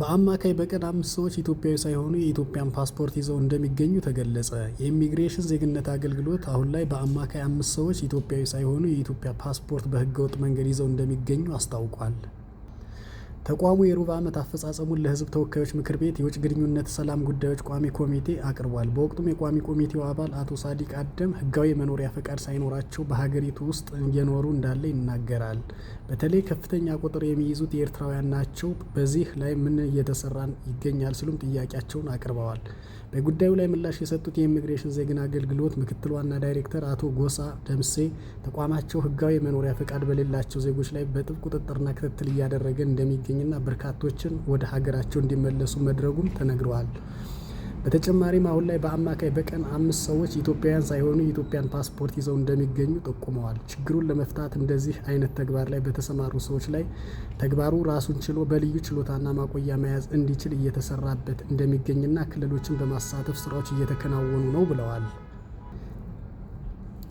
በአማካይ በቀን አምስት ሰዎች ኢትዮጵያዊ ሳይሆኑ የኢትዮጵያን ፓስፖርት ይዘው እንደሚገኙ ተገለጸ። የኢሚግሬሽን ዜግነት አገልግሎት አሁን ላይ በአማካይ አምስት ሰዎች ኢትዮጵያዊ ሳይሆኑ የኢትዮጵያ ፓስፖርት በህገወጥ መንገድ ይዘው እንደሚገኙ አስታውቋል። ተቋሙ የሩብ ዓመት አፈጻጸሙን ለሕዝብ ተወካዮች ምክር ቤት የውጭ ግንኙነት ሰላም ጉዳዮች ቋሚ ኮሚቴ አቅርቧል። በወቅቱም የቋሚ ኮሚቴው አባል አቶ ሳዲቅ አደም ሕጋዊ የመኖሪያ ፈቃድ ሳይኖራቸው በሀገሪቱ ውስጥ እየኖሩ እንዳለ ይናገራል። በተለይ ከፍተኛ ቁጥር የሚይዙት የኤርትራውያን ናቸው። በዚህ ላይ ምን እየተሰራ ይገኛል ሲሉም ጥያቄያቸውን አቅርበዋል። በጉዳዩ ላይ ምላሽ የሰጡት የኢሚግሬሽን ዜግን አገልግሎት ምክትል ዋና ዳይሬክተር አቶ ጎሳ ደምሴ ተቋማቸው ሕጋዊ የመኖሪያ ፈቃድ በሌላቸው ዜጎች ላይ በጥብቅ ቁጥጥርና ክትትል እያደረገ እንደሚገኝ እንደሚገኝና በርካቶችን ወደ ሀገራቸው እንዲመለሱ መድረጉም ተነግረዋል። በተጨማሪም አሁን ላይ በአማካይ በቀን አምስት ሰዎች ኢትዮጵያውያን ሳይሆኑ የኢትዮጵያን ፓስፖርት ይዘው እንደሚገኙ ጠቁመዋል። ችግሩን ለመፍታት እንደዚህ አይነት ተግባር ላይ በተሰማሩ ሰዎች ላይ ተግባሩ ራሱን ችሎ በልዩ ችሎታና ማቆያ መያዝ እንዲችል እየተሰራበት እንደሚገኝና ክልሎችን በማሳተፍ ስራዎች እየተከናወኑ ነው ብለዋል።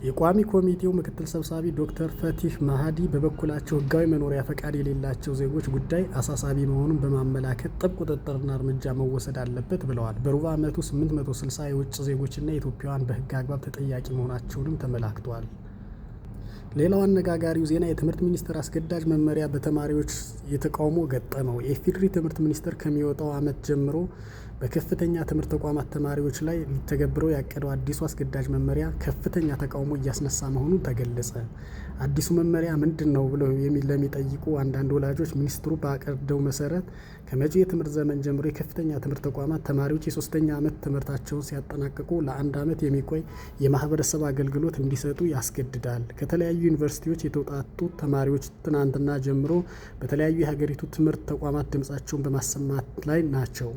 የቋሚ ኮሚቴው ምክትል ሰብሳቢ ዶክተር ፈቲህ ማሀዲ በበኩላቸው ህጋዊ መኖሪያ ፈቃድ የሌላቸው ዜጎች ጉዳይ አሳሳቢ መሆኑን በማመላከት ጥብቅ ቁጥጥርና እርምጃ መወሰድ አለበት ብለዋል። በሩብ ዓመቱ 860 የውጭ ዜጎችና ኢትዮጵያውያን በህግ አግባብ ተጠያቂ መሆናቸውንም ተመላክቷል። ሌላው አነጋጋሪው ዜና የትምህርት ሚኒስቴር አስገዳጅ መመሪያ በተማሪዎች የተቃውሞ ገጠመው። የኢፌዴሪ ትምህርት ሚኒስቴር ከሚወጣው ዓመት ጀምሮ በከፍተኛ ትምህርት ተቋማት ተማሪዎች ላይ ሊተገብረው ያቀደው አዲሱ አስገዳጅ መመሪያ ከፍተኛ ተቃውሞ እያስነሳ መሆኑ ተገለጸ። አዲሱ መመሪያ ምንድን ነው ብለው ለሚጠይቁ አንዳንድ ወላጆች ሚኒስትሩ በአቀደው መሰረት ከመጪው የትምህርት ዘመን ጀምሮ የከፍተኛ ትምህርት ተቋማት ተማሪዎች የሶስተኛ ዓመት ትምህርታቸውን ሲያጠናቅቁ ለአንድ ዓመት የሚቆይ የማህበረሰብ አገልግሎት እንዲሰጡ ያስገድዳል። ከተለያዩ ዩኒቨርሲቲዎች የተውጣጡ ተማሪዎች ትናንትና ጀምሮ በተለያዩ የሀገሪቱ ትምህርት ተቋማት ድምጻቸውን በማሰማት ላይ ናቸው።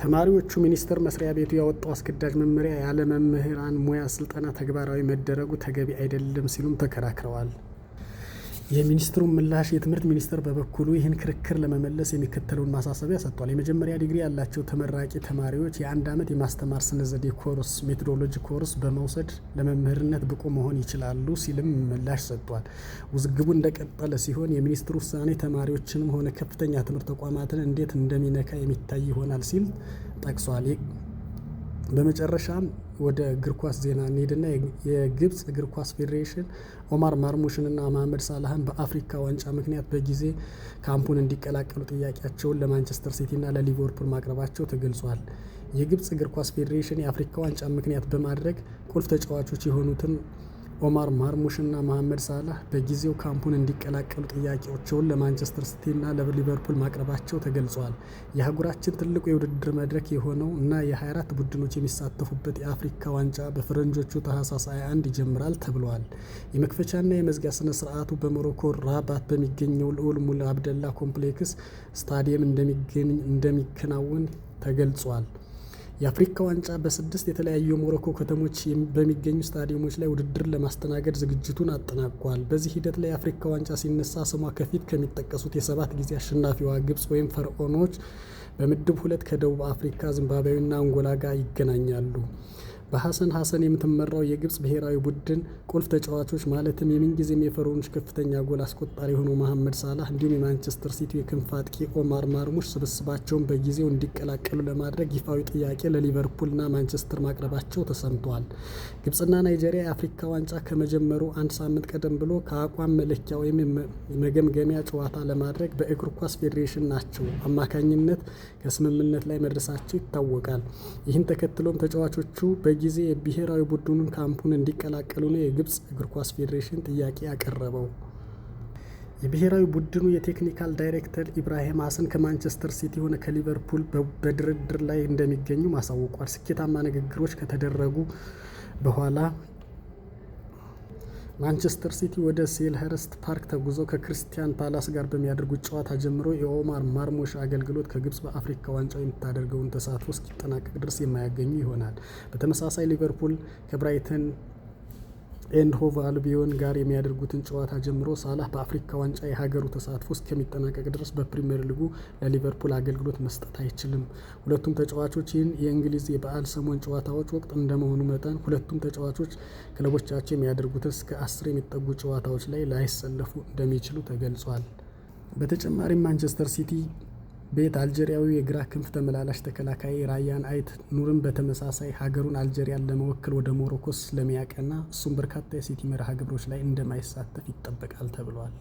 ተማሪዎቹ ሚኒስቴር መስሪያ ቤቱ ያወጣው አስገዳጅ መመሪያ ያለ መምህራን ሙያ ስልጠና ተግባራዊ መደረጉ ተገቢ አይደለም ሲሉም ተከራክረዋል። የሚኒስትሩ ምላሽ የትምህርት ሚኒስቴር በበኩሉ ይህን ክርክር ለመመለስ የሚከተለውን ማሳሰቢያ ሰጥቷል። የመጀመሪያ ዲግሪ ያላቸው ተመራቂ ተማሪዎች የአንድ ዓመት የማስተማር ስነ ዘዴ ኮርስ ሜቶዶሎጂ ኮርስ በመውሰድ ለመምህርነት ብቁ መሆን ይችላሉ ሲልም ምላሽ ሰጥቷል። ውዝግቡ እንደቀጠለ ሲሆን የሚኒስትሩ ውሳኔ ተማሪዎችንም ሆነ ከፍተኛ ትምህርት ተቋማትን እንዴት እንደሚነካ የሚታይ ይሆናል ሲል ጠቅሷል። በመጨረሻም ወደ እግር ኳስ ዜና እንሄድና የግብፅ እግር ኳስ ፌዴሬሽን ኦማር ማርሙሽንና መሀመድ ሳላህን በአፍሪካ ዋንጫ ምክንያት በጊዜ ካምፑን እንዲቀላቀሉ ጥያቄያቸውን ለማንቸስተር ሲቲና ለሊቨርፑል ማቅረባቸው ተገልጿል። የግብፅ እግር ኳስ ፌዴሬሽን የአፍሪካ ዋንጫ ምክንያት በማድረግ ቁልፍ ተጫዋቾች የሆኑትን ኦማር ማርሙሽና መሐመድ ሳላህ በጊዜው ካምፑን እንዲቀላቀሉ ጥያቄዎቸውን ለማንቸስተር ሲቲና ለሊቨርፑል ማቅረባቸው ተገልጿል። የአህጉራችን ትልቁ የውድድር መድረክ የሆነው እና የ24 ቡድኖች የሚሳተፉበት የአፍሪካ ዋንጫ በፈረንጆቹ ታህሳስ 21 ይጀምራል ተብሏል። የመክፈቻና የመዝጊያ ስነ ስርዓቱ በሞሮኮ ራባት በሚገኘው ልዑል ሙላ አብደላ ኮምፕሌክስ ስታዲየም እንደሚከናወን ተገልጿል። የአፍሪካ ዋንጫ በስድስት የተለያዩ የሞሮኮ ከተሞች በሚገኙ ስታዲየሞች ላይ ውድድር ለማስተናገድ ዝግጅቱን አጠናቋል። በዚህ ሂደት ላይ የአፍሪካ ዋንጫ ሲነሳ ስሟ ከፊት ከሚጠቀሱት የሰባት ጊዜ አሸናፊዋ ግብጽ ወይም ፈርዖኖች በምድብ ሁለት ከደቡብ አፍሪካ ዚምባብዌና አንጎላ ጋር ይገናኛሉ። በሐሰን ሐሰን የምትመራው የግብፅ ብሔራዊ ቡድን ቁልፍ ተጫዋቾች ማለትም የምንጊዜም የፈሮኖች ከፍተኛ ጎል አስቆጣሪ የሆነው መሐመድ ሳላህ እንዲሁም የማንቸስተር ሲቲ የክንፍ አጥቂ ኦማር ማርሙሽ ስብስባቸውን በጊዜው እንዲቀላቀሉ ለማድረግ ይፋዊ ጥያቄ ለሊቨርፑልና ማንቸስተር ማቅረባቸው ተሰምተዋል። ግብፅና ናይጄሪያ የአፍሪካ ዋንጫ ከመጀመሩ አንድ ሳምንት ቀደም ብሎ ከአቋም መለኪያ ወይም መገምገሚያ ጨዋታ ለማድረግ በእግር ኳስ ፌዴሬሽን ናቸው አማካኝነት ከስምምነት ላይ መድረሳቸው ይታወቃል። ይህን ተከትሎም ተጫዋቾቹ በጊ ጊዜ የብሔራዊ ቡድኑን ካምፑን እንዲቀላቀሉ ነው የግብፅ እግር ኳስ ፌዴሬሽን ጥያቄ ያቀረበው። የብሔራዊ ቡድኑ የቴክኒካል ዳይሬክተር ኢብራሂም ሀሰን ከማንቸስተር ሲቲ ሆነ ከሊቨርፑል በድርድር ላይ እንደሚገኙ ማሳወቋል። ስኬታማ ንግግሮች ከተደረጉ በኋላ ማንቸስተር ሲቲ ወደ ሴልኸርስት ፓርክ ተጉዞ ከክርስቲያን ፓላስ ጋር በሚያደርጉት ጨዋታ ጀምሮ የኦማር ማርሞሽ አገልግሎት ከግብጽ በአፍሪካ ዋንጫ የምታደርገውን ተሳትፎ እስኪጠናቀቅ ድረስ የማያገኙ ይሆናል። በተመሳሳይ ሊቨርፑል ከብራይተን ኤንድሆቭ አልቢዮን ጋር የሚያደርጉትን ጨዋታ ጀምሮ ሳላህ በአፍሪካ ዋንጫ የሀገሩ ተሳትፎ እስከሚጠናቀቅ ድረስ በፕሪምየር ሊጉ ለሊቨርፑል አገልግሎት መስጠት አይችልም። ሁለቱም ተጫዋቾች ይህን የእንግሊዝ የበዓል ሰሞን ጨዋታዎች ወቅት እንደመሆኑ መጠን ሁለቱም ተጫዋቾች ክለቦቻቸው የሚያደርጉትን እስከ አስር የሚጠጉ ጨዋታዎች ላይ ላይሰለፉ እንደሚችሉ ተገልጿል። በተጨማሪም ማንቸስተር ሲቲ ቤት አልጄሪያዊ የግራ ክንፍ ተመላላሽ ተከላካይ ራያን አይት ኑርም በተመሳሳይ ሀገሩን አልጄሪያን ለመወከል ወደ ሞሮኮ ስለሚያቀና እሱም በርካታ የሲቲ መርሃ ግብሮች ላይ እንደማይሳተፍ ይጠበቃል ተብሏል።